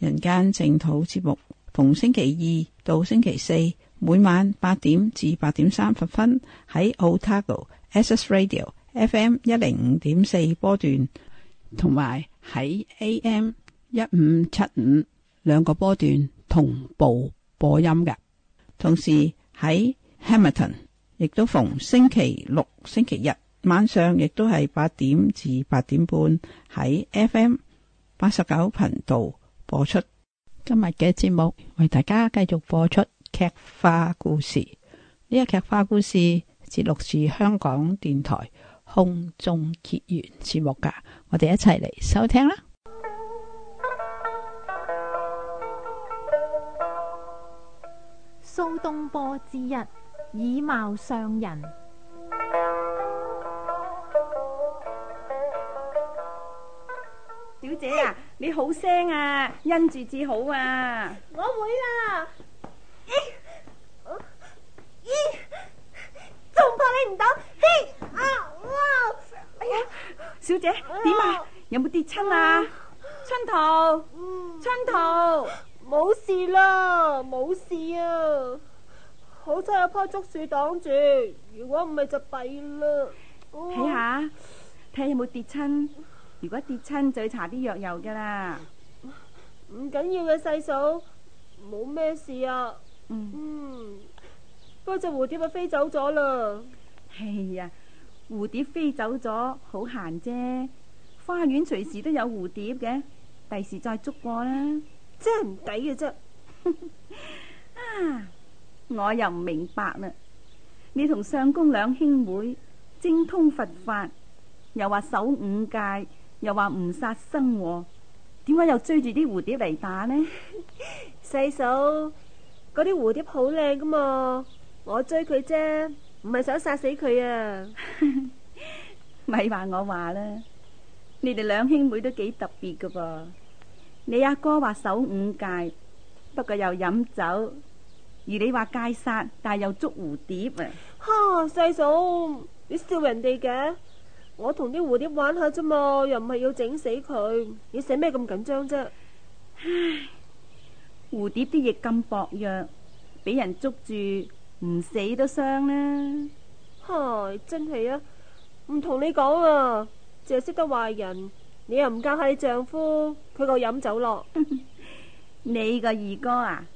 人間淨土節目，逢星期二到星期四，每晚八點至八點三十分喺 Otago Access Radio F M 一零五點四波段，同埋喺 A M 一五七五兩個波段同步播音嘅。同時喺 Hamilton 亦都逢星期六、星期日晚上，亦都係八點至八點半喺 F M 八十九頻道。播出今日嘅節目，為大家繼續播出劇化故事。呢個劇化故事節錄自香港電台空中結緣節目噶，我哋一齊嚟收聽啦。蘇東坡之日，以貌上人。小姐啊！你好聲啊，因住至好啊！我會啦，咦，仲怕你唔到，嘿啊哎呀，小姐點啊？有冇跌親啊？春桃，春桃，冇、嗯嗯嗯、事啦，冇事啊！好彩有棵竹樹擋住，如果唔係就弊啦。睇、哦、下，睇下有冇跌親。如果跌親就要搽啲藥油噶啦。唔緊要嘅，細嫂，冇咩事啊。嗯，嗰隻蝴蝶啊飛走咗啦。哎呀，蝴蝶飛走咗好閒啫，花園隨時都有蝴蝶嘅，第時再捉過啦。真係唔抵嘅啫。啊，我又唔明白啦，你同相公兩兄妹精通佛法，又話守五戒。又話唔殺生喎，點解又追住啲蝴蝶嚟打呢？細 嫂，嗰啲蝴蝶好靚噶嘛，我追佢啫，唔係想殺死佢啊！咪話 我話啦，你哋兩兄妹都幾特別噶噃。你阿哥話守五戒，不過又飲酒；而你話戒殺，但係又捉蝴蝶啊！哈，細嫂，你笑人哋嘅？我同啲蝴蝶玩下啫嘛，又唔係要整死佢，你使咩咁緊張啫？唉，蝴蝶啲翼咁薄弱，俾人捉住唔死都傷啦。係真係啊，唔同你講啊，淨係識得壞人，你又唔教下你丈夫，佢個飲酒咯。 你個二哥啊，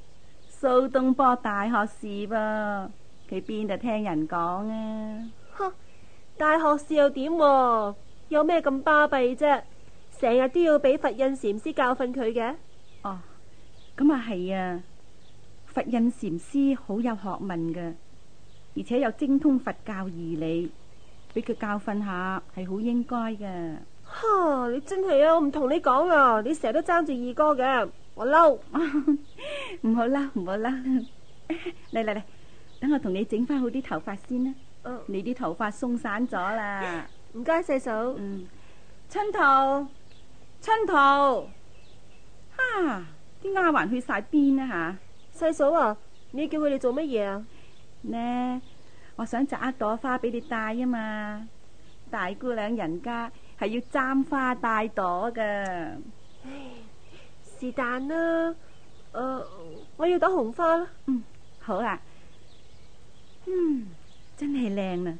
蘇東坡大學士噃啊，佢邊度聽人講啊？大學士又點？有咩咁巴閉啫？成日都要俾佛印禪師教訓佢嘅。哦，咁啊係啊，佛印禪師好有學問嘅，而且又精通佛教義理，俾佢教訓下係好應該噶。哈！你真係啊，我唔同你講啊，你成日都爭住二哥嘅，我嬲。哦， 唔好嬲，唔好嬲。嚟嚟嚟，等我同你整翻好啲頭髮先啦。Uh, 你啲頭髮鬆散咗啦，唔該，細嫂。嗯，春桃，春桃，啊，啲丫鬟去晒邊啦吓？細嫂啊，你叫佢哋做乜嘢啊？呢，我想摘一朵花俾你戴呀嘛，大姑娘人家係要簪花戴朵噶。唉，是但啦。誒、呃，我要朵紅花啦。嗯，好啊。嗯。真係靚啊，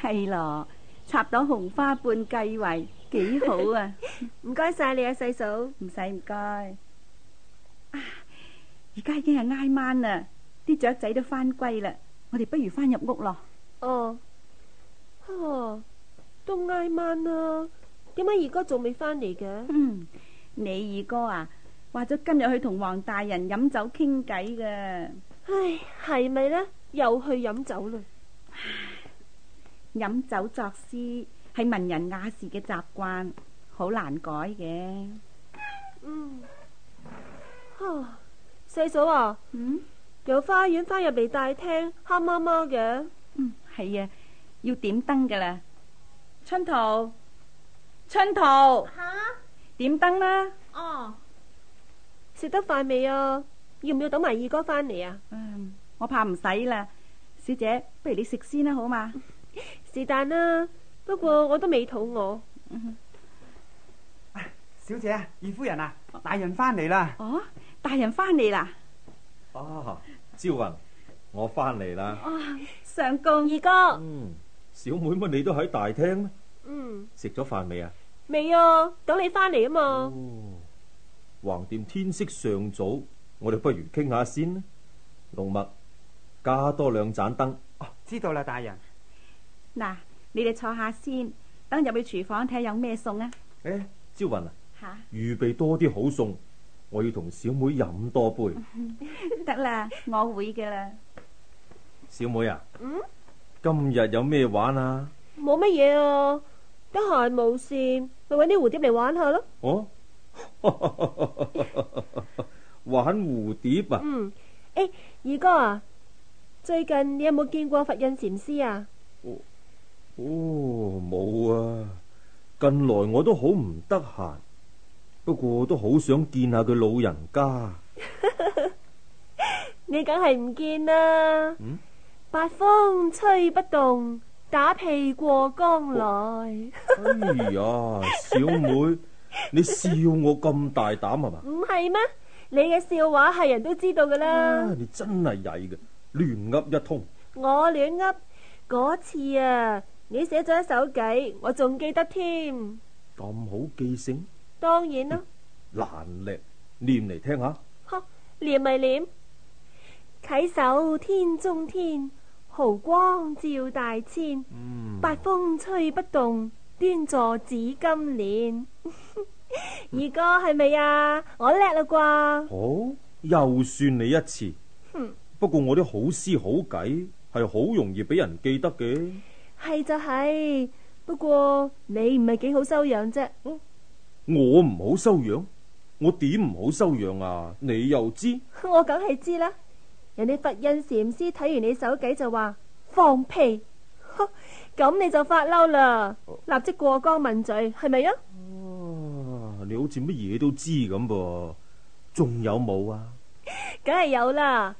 係 咯，插到紅花瓣計圍幾好啊！唔該晒你啊，細嫂，唔使唔該。啊，而家已經係挨晚啦，啲雀仔都翻歸啦，我哋不如翻入屋咯。哦，哈、啊，都挨晚啦，點解二哥仲未翻嚟嘅？嗯，你二哥啊，話咗今日去同黃大人飲酒傾偈㗎。唉，係咪呢？又去飲酒嘞！飲酒作詩係文人雅士嘅習慣，好難改嘅。嗯。哦，四嫂啊。嗯。由花園翻入嚟大廳，黑麻麻嘅。嗯，係啊，要點燈噶啦。春桃，春桃。吓。點燈啦。哦。食得飯未啊？要唔要等埋二哥翻嚟啊？嗯，我怕唔使啦。小姐，不如你食先啦，好嘛？是但啦，不過我都未肚餓。小姐，二夫人啊，大人翻嚟啦！哦，大人翻嚟啦！哦，朝雲，我翻嚟啦。上公二哥，嗯，小妹乜你都喺大廳咩？嗯，食咗飯未啊？未啊，等你翻嚟啊嘛。橫掂天色尚早。我哋不如傾下先啦，龍墨加多兩盞燈。啊、知道啦，大人。嗱，你哋坐下先，等入去廚房睇下有咩餸啊。誒、欸，招雲啊，預、啊、備多啲好餸，我要同小妹飲多杯。得啦， 我會㗎啦。小妹啊，嗯、今日有咩玩啊？冇乜嘢啊，得閒冇事，去搵啲蝴蝶嚟玩下咯。哦、啊。 玩蝴蝶啊！嗯，誒，二哥，啊，最近你有冇見過佛印禪師啊哦？哦，冇啊！近來我都好唔得閒，不過都好想見下佢老人家。 你梗係唔見啦！嗯，八風吹不動，打屁過江來。哦、哎呀，小妹， 你笑我咁大膽啊嘛？唔係咩？你嘅笑話係人都知道噶啦，你真係曳嘅，亂噏一通。我亂噏嗰次啊，你寫咗一首偈，我仲記得添。咁好記性？當然啦。難嚟念嚟聽下。唸咪唸。稽首天中天，毫光照大千。八風吹不動，端坐紫金蓮。二哥係咪啊？我叻啦啩！好、哦、又算你一次。嗯、不過我啲好詩好偈係好容易俾人記得嘅。係就係、是，不過你唔係幾好修養啫。我唔好修養，我點唔好修養啊？你又知？我梗係知啦！人哋佛印禪師睇完你手偈就話放屁，咁你就發嬲啦，立即過江問罪係咪啊？是你好似乜嘢都知咁噃，仲有冇啊？梗係有啦，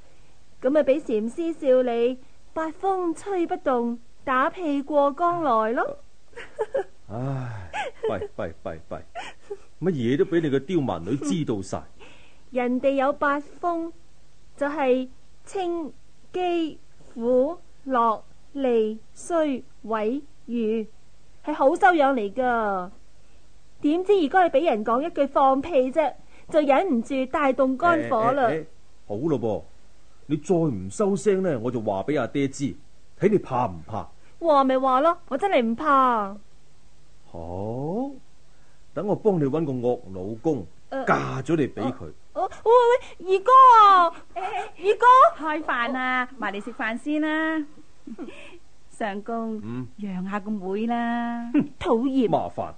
咁咪俾禪師笑你八風吹不動，打屁過江來咯！ 唉，弊弊弊弊，乜嘢 都俾你個刁蠻女知道晒。 人哋有八風，就係、是、稱、譏、苦、樂、利、衰、毀、譽，係好修養嚟噶。點知二哥你俾人講一句放屁啫，哦、就忍唔住大動肝火啦、欸欸欸！好啦，噃你再唔收聲呢，我就話俾阿爹知，睇你怕唔怕？話咪話咯，我真係唔怕。好、哦，等我幫你搵個惡老公、呃、嫁咗你俾佢。哦、呃呃，喂，二哥，啊！二哥開飯啊，埋嚟食飯先啦，相公、嗯，讓下個妹啦，討厭 厭！ 麻煩。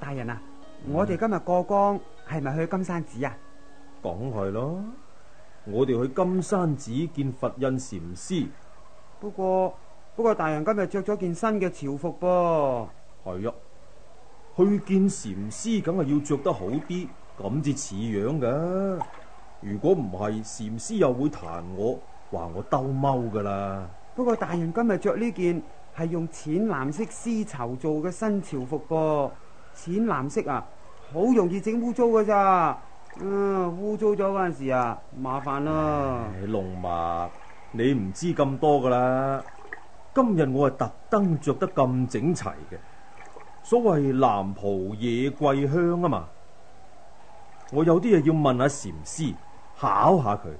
大人啊，嗯、我哋今日過江係咪去金山寺啊？講係咯，我哋去金山寺見佛印禪師。不過，不過，大人今日着咗件新嘅朝服噃、啊。係啊，去見禪師梗係，要着得好啲，咁至似樣噶。如果唔係，禪師又會彈我，話我兜踎噶啦。不過大人今日着呢件係用淺藍色絲綢做嘅新潮服個、哦，淺藍色啊，好容易整污糟噶咋。嗯、呃，污糟咗嗰陣時啊，麻煩啦。龍麻，你唔知咁多噶啦。今日我係特登着得咁整齊嘅，所謂藍袍野桂香啊嘛。我有啲嘢要問下禪師。考下佢。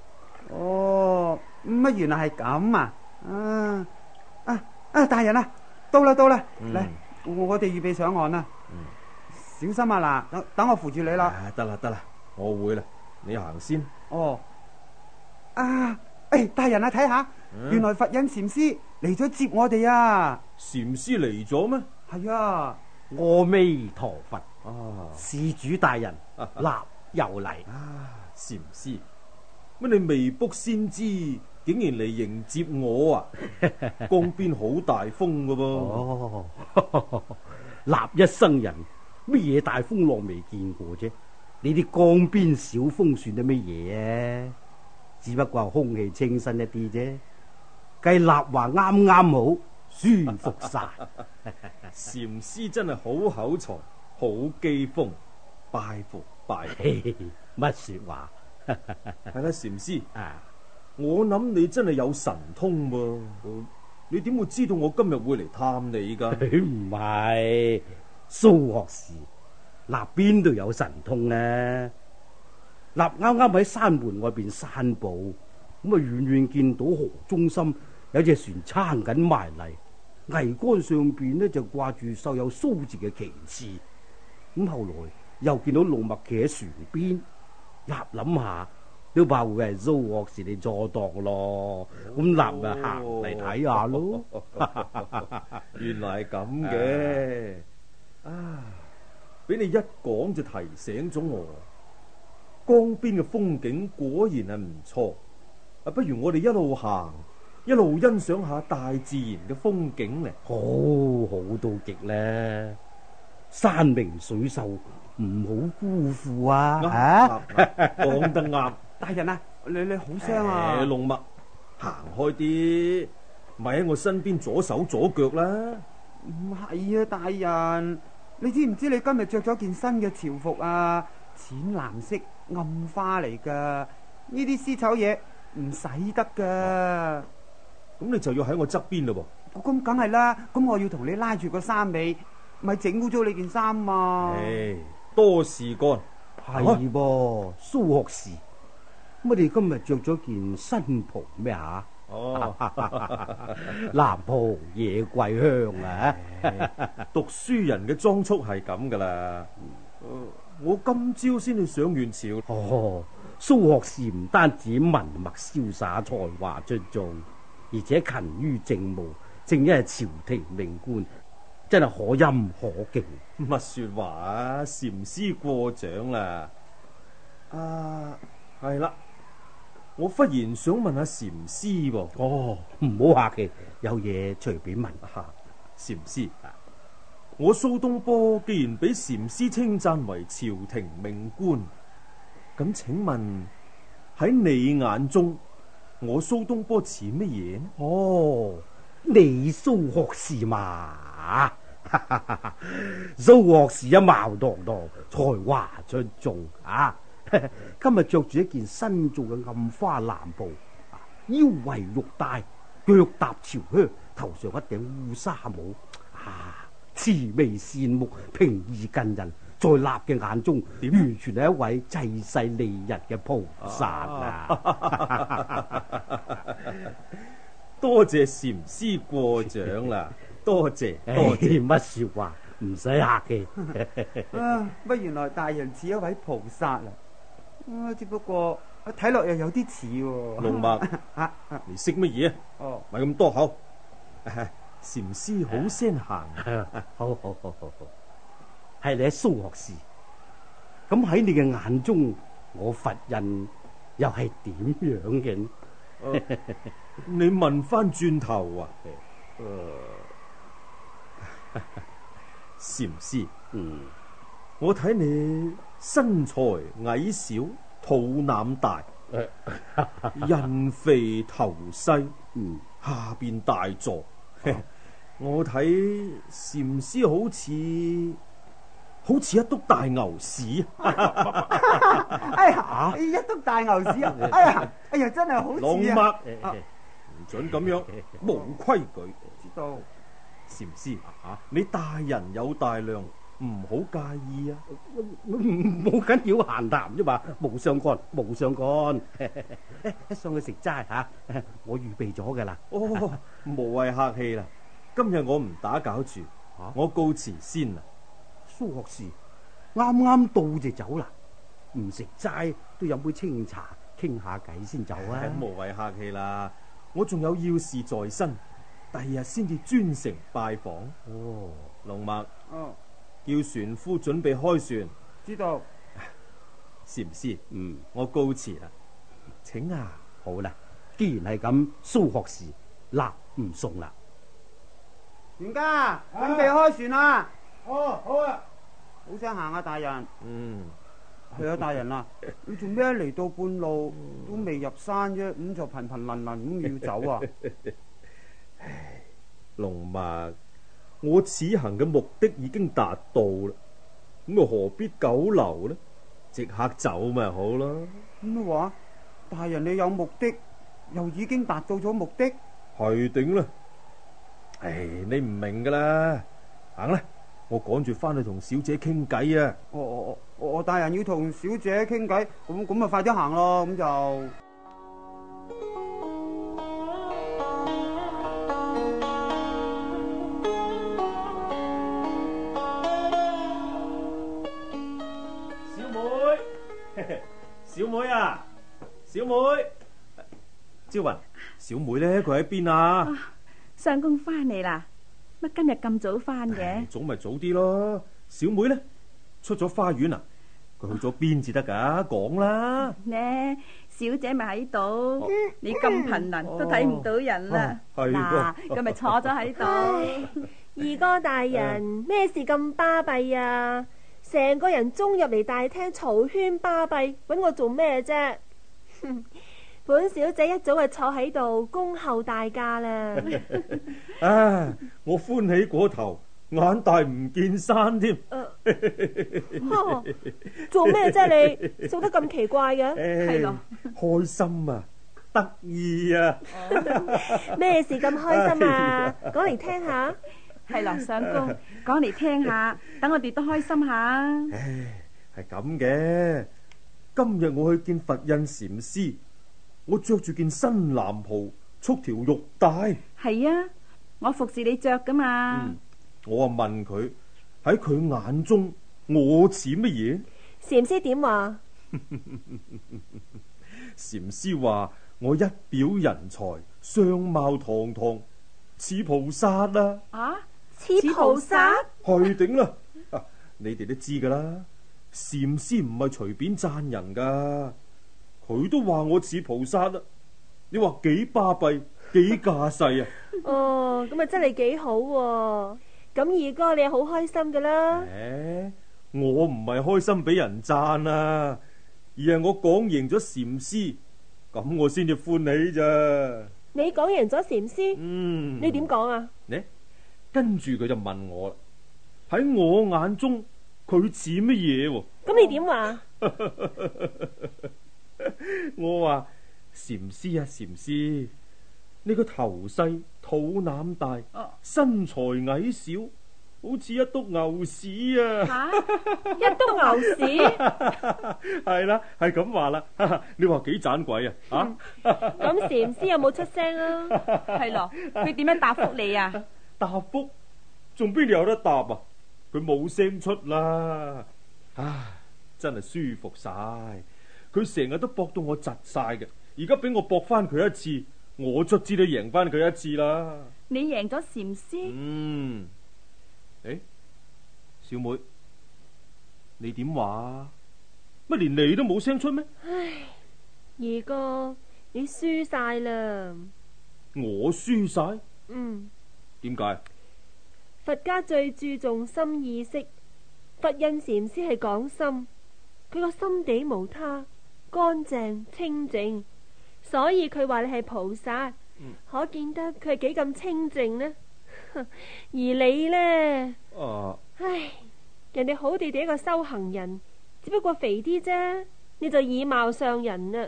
哦，乜原來係咁啊！啊啊啊！大人啊，到啦到啦，嚟、嗯，我哋預備上岸啦。嗯、小心啊！嗱，等等我扶住你啦。得啦得啦，我會啦，你行先。哦，啊，誒、哎，大人啊，睇下，原來佛印禪師嚟咗接我哋啊！禪師嚟咗咩？係啊，阿彌陀佛，事、哦、主大人立又嚟， 啊，禪師。乜你未卜先知，竟然嚟迎接我啊！江邊好大風噶噃、 哦，立一生人乜嘢大風浪未見過啫？你啲江邊小風算到乜嘢？只不過空氣清新一啲啫。計立話啱啱好舒服晒。禪師 真係好口才，好機鋒，拜服拜服，乜說 話？係啦，禪師 啊，我諗你真係有神通噃，你點會知道我今日會嚟探你噶？唔係， 蘇學士，嗱，邊度有神通呢，啊？立啱啱喺山門外邊散步，咁啊遠遠見到河中心有隻船撐緊埋嚟，桅杆上邊呢就掛住繡有蘇字嘅旗幟，咁後來又見到老墨企喺船邊。立諗下，都怕會係糟惡事你坐擋咯。咁立咪行嚟睇下咯。 原來係咁嘅。啊，俾、啊、你一講就提醒咗我。江邊嘅風景果然係唔錯。啊，不如我哋一路行，一路欣賞下大自然嘅風景嚟、哦。好好到極咧，山明水秀。唔好辜負啊！講得啱，大人啊，你你好聲啊！龍墨，行開啲，咪喺我身邊左手左腳啦！唔係啊，大人，你知唔知你今日着咗件新嘅潮服啊？淺藍色暗花嚟噶，呢啲絲綢嘢唔使得噶。咁你就要喺我側邊嘞喎。咁梗係啦，咁我要同你拉住個衫尾，咪整污咗你件衫嘛。多事干係噃蘇學士，我哋今日着咗件新袍咩吓？哦，南浦夜桂香啊！ 讀書人嘅裝束係咁噶啦。嗯、我今朝先至上元朝。哦，蘇學士唔單止文墨瀟灑、才華出眾，而且勤於政務，正因係朝廷命官。真係可欽可敬，乜係說話？禪師過獎啦。啊，係啦，我忽然想問下禪師噃。哦，唔好客氣，有嘢隨便問下禪師。我蘇東坡既然俾禪師稱讚為朝廷命官，咁請問喺你眼中，我蘇東坡似乜嘢？哦，你蘇學士嘛？ 啊，蘇學士一貌堂堂，才華出眾啊！ 啊 今日着住一件新做嘅暗花藍布，啊，腰圍玉帶，腳踏朝靴，頭上一頂烏紗帽，啊，慈眉善目，平易近人，在立嘅眼中，樣完全係一位濟世利人嘅菩薩啦，啊！ 多謝禪師過獎啦！多謝，多謝乜 說話，唔使客氣。 啊，原來大人似一位菩薩啊，只不過睇落又有啲似喎。龍 默、哦，啊，你識乜嘢啊？哦，咪咁多口。禪師好先行。好好好好好，係你喺蘇學士。咁喺你嘅眼中，我佛印又係點樣嘅、 啊、你問翻轉頭啊？啊 禪師，嗯，我睇你身材矮小，肚腩大，哎、 人肥頭細，嗯，下邊大座， 我睇禪師好似好似一督大牛屎， 哎呀，一督大牛屎啊！ 哎呀，哎呀，真係好似，老。脈唔准咁樣，冇規矩。知道。禪師啊，你大人有大量，唔好介意啊，冇緊要閒談啫嘛，無相干，無相干，上去食齋吓，我預備咗噶啦，哦，無謂客氣啦，今日我唔打攪住，我告辭先啦，蘇學士，啱啱到就走啦，唔食齋都飲杯清茶，傾下偈先走啊，無謂客氣啦，我仲有要事在身。第二日先至專程拜訪，哦，龍墨麥哦，叫船夫準備開船，知道？禪師，嗯，我告辭啦，請啊，好啦，既然係咁，蘇學士，嗱，唔送啦。袁家準備開船啦，啊，哦，好啊，好想行啊，大人，嗯，去啊，大人啊， 你做咩嚟到半路都未入山啫？咁就頻頻輪輪咁要走啊？ 唉，龍馬，我此行嘅目的已經達到啦，咁我何必久留呢？即刻走咪好咯。咩話，大人你有目的，又已經達到咗目的，係頂啦。唉，你唔明噶啦，行啦，我趕住翻去同小姐傾偈啊。我我我我，我我大人要同小姐傾偈，咁咁咪快啲行咯，咁就。招雲，小妹咧，佢喺邊啊？相公翻嚟啦，乜今日咁早翻嘅？早咪早啲咯。小妹咧，出咗花園啊，佢去咗邊至得噶？講啦。呢，小姐咪喺度，你咁頻能都睇唔到人啦。係，噉咪坐咗喺度。二哥大人，咩事咁巴閉啊？成個人衝入嚟大廳，嘈喧巴閉，搵我做咩啫？哼。本小姐一早就坐喺度恭候大駕啦。唉、 啊，我歡喜過頭，眼大唔見山添、 啊哦。做咩啫你？做得咁奇怪嘅？係咯、欸，開心啊，得意啊。咩 事咁開心啊？講嚟聽下。係咯， 上公講嚟聽下，等我哋都開心下。唉、欸，係咁嘅。今日我去見佛印禪師。我着住件新藍袍，束條玉帶。係啊，我服侍你着噶嘛。嗯，我啊問佢喺佢眼中我似乜嘢？禪師點話？禪師話我一表人才，相貌堂堂，似菩薩啊？啊，似菩薩？去頂啦！你哋都知噶啦，禪師唔係隨便讚人噶。佢都話我似菩薩啦，你話幾巴閉，幾架勢啊！ 哦，咁啊真係幾好，咁二哥你係好開心噶啦。誒、欸，我唔係開心俾人讚啊，而係我講贏咗禪師，咁我先至歡喜咋。你講贏咗禪師？嗯。你點講啊？呢、欸，跟住佢就問我啦，喺我眼中佢似乜嘢？咁、啊、你點話？ 我話禪師啊禪師，你個頭細肚腩大，身材矮小，好似一督牛屎啊！啊一督牛屎係 啦，係咁話啦。你話幾盞鬼啊？啊！咁禪師有冇出聲啊？係咯， 佢點樣答覆你啊？答覆仲邊度有得答啊？佢冇聲出啦。唉、啊，真係舒服晒。佢成日都搏到我窒晒嘅，而家俾我搏翻佢一次，我卒之都贏翻佢一次啦。你贏咗禪師？嗯，誒、欸，小妹，你點話？乜連你都冇聲出咩？唉，二哥，你輸晒啦！我輸晒？嗯。點解？佛家最注重心意識，佛印禪師係講心，佢個心底無他。乾淨清淨，所以佢話你係菩薩，嗯、可見得佢係幾咁清淨呢？ 而你呢？啊、唉，人哋好地地一個修行人，只不過肥啲啫，你就以貌上人啦。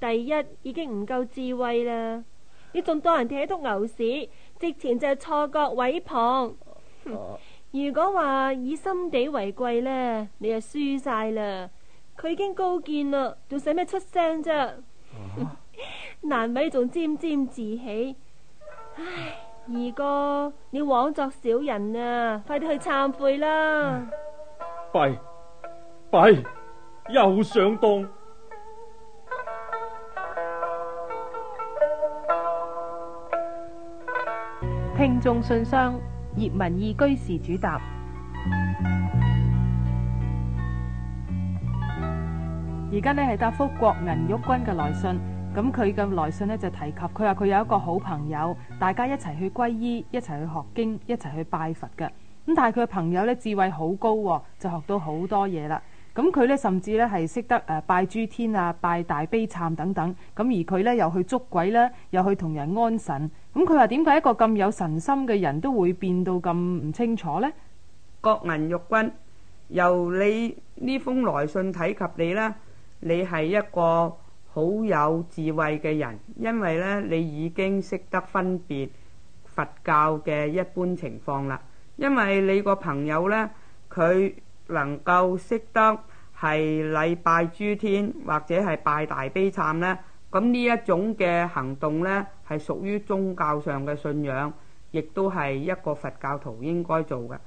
第一已經唔夠智慧啦，你仲當人哋喺度督牛屎，直情就係錯覺位旁。 如果話以心地為貴呢，你就輸晒啦。佢已經高見啦，仲使咩出聲啫？難為仲沾沾自喜。唉，二哥，你枉作小人啊！快啲去懺悔啦！弊弊、啊、又上當。聽眾信箱，葉文義居士主答。而家呢，係答覆郭銀玉君嘅來信，咁佢嘅來信呢，就提及，佢話佢有一個好朋友，大家一齊去皈依，一齊去學經，一齊去拜佛嘅。咁但係佢嘅朋友呢，智慧好高，就學到好多嘢啦。咁佢呢，甚至呢，係識得誒拜諸天啊，拜大悲懺等等。咁而佢呢，又去捉鬼啦，又去同人安神。咁佢話點解一個咁有神心嘅人都會變到咁唔清楚呢？郭銀玉君，由你呢封來信睇及你啦。你係一個好有智慧嘅人，因為呢，你已經識得分別佛教嘅一般情況啦。因為你個朋友呢，佢能夠識得係禮拜諸天或者係拜大悲懺呢。咁呢一種嘅行動呢，係屬於宗教上嘅信仰，亦都係一個佛教徒應該做嘅。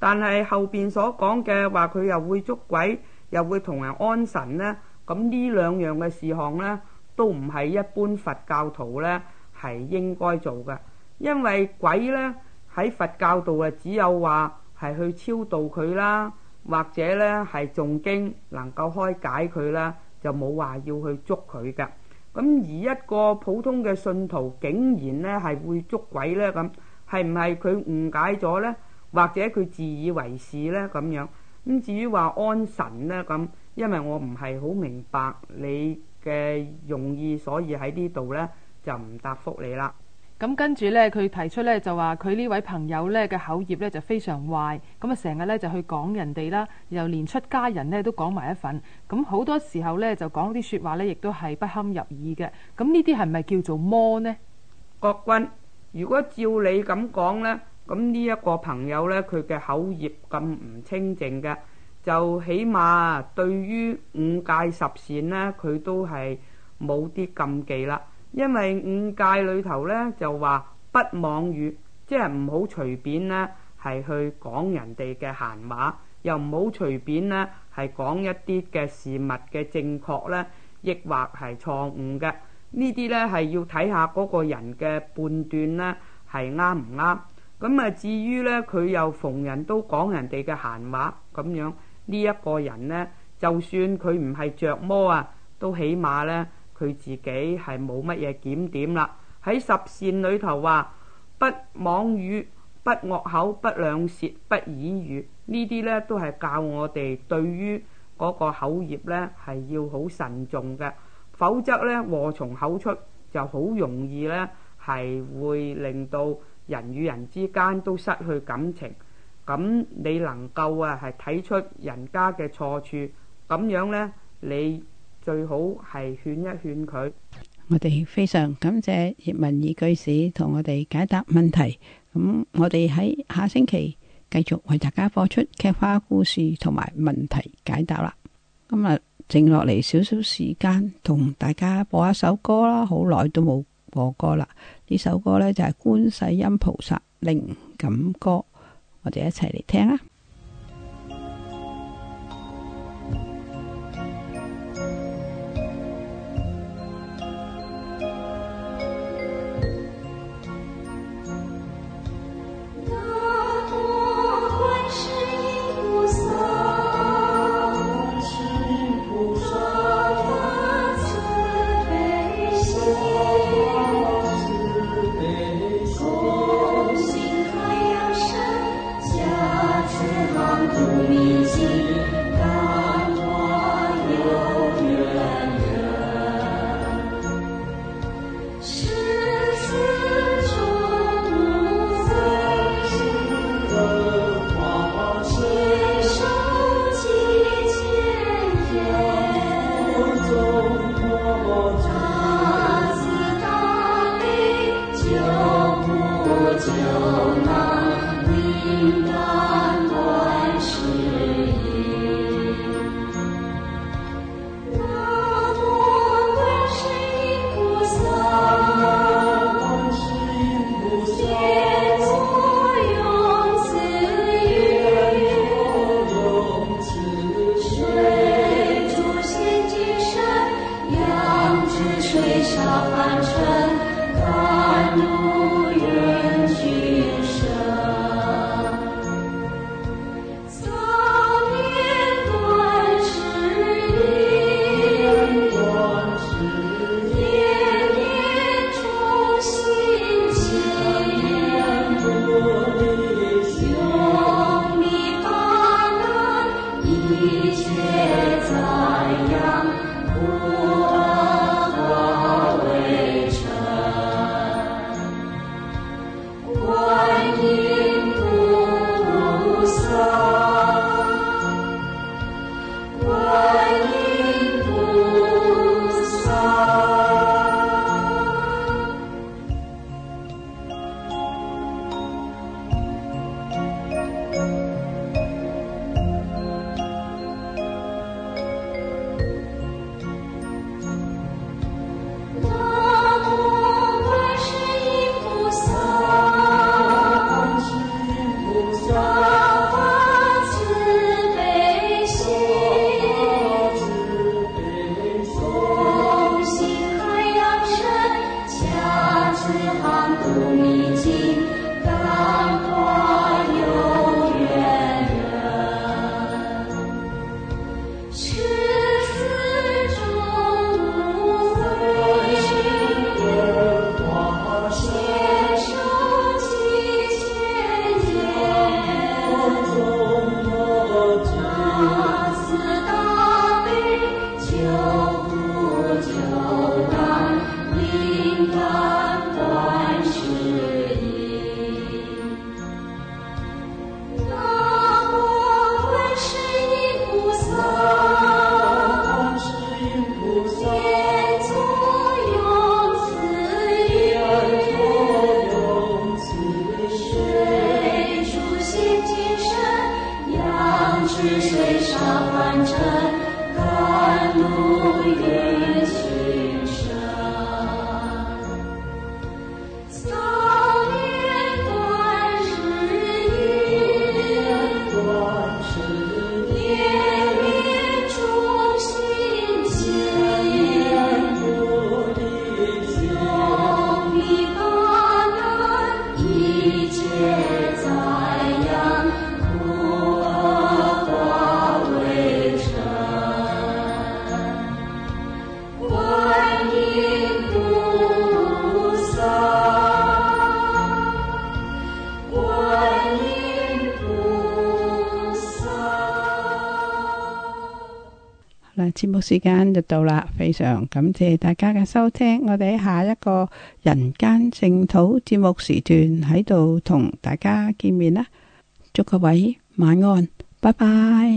但係後邊所講嘅話，佢又會捉鬼，又會同人安神呢。咁呢兩樣嘅事項咧，都唔係一般佛教徒咧係應該做嘅，因為鬼咧喺佛教度啊，只有話係去超度佢啦，或者咧係誦經能夠開解佢啦，就冇話要去捉佢嘅。咁而一個普通嘅信徒竟然咧係會捉鬼咧，咁係唔係佢誤解咗咧？或者佢自以為是咧？咁樣咁至於話安神咧咁。因為我唔係好明白你嘅用意，所以喺呢度呢就唔答覆你啦。咁跟住呢，佢提出呢就話佢呢位朋友呢嘅口業呢就非常壞，咁啊，成日呢就去講人哋啦，又連出家人呢都講埋一份，咁好多時候呢，就講啲説話呢亦都係不堪入耳嘅。咁呢啲係咪叫做魔呢？國軍，如果照你咁講呢，咁呢一個朋友呢，佢嘅口業咁唔清淨嘅。就起碼對於五戒十善呢，佢都係冇啲禁忌啦。因為五戒裏頭呢，就話不妄語，即係唔好隨便呢係去講人哋嘅閒話，又唔好隨便呢係講一啲嘅事物嘅正確呢，抑或係錯誤嘅。呢啲呢係要睇下嗰個人嘅判斷呢係啱唔啱。咁啊，至於呢，佢又逢人都講人哋嘅閒話咁樣。呢一個人呢，就算佢唔係着魔啊，都起碼呢，佢自己係冇乜嘢檢點啦。喺十善裏頭話，不妄語、不惡口、不兩舌、不綺語，呢啲呢都係教我哋對於嗰個口業呢係要好慎重嘅，否則呢，禍從口出，就好容易呢係會令到人與人之間都失去感情。咁你能夠啊，係睇出人家嘅錯處，咁樣咧，你最好係勸一勸佢。我哋非常感謝葉文義居士同我哋解答問題。咁我哋喺下星期繼續為大家播出劇化故事同埋問題解答啦。咁啊，剩落嚟少少時間，同大家播一首歌啦。好耐都冇播歌啦，呢首歌咧就係觀世音菩薩靈感歌。我哋一齊嚟聽啊！水消凡塵，甘露潤君身。節目時間就到啦，非常感謝大家嘅收聽，我哋喺下一個人間淨土節目時段喺度同大家見面啦，祝各位晚安，拜拜。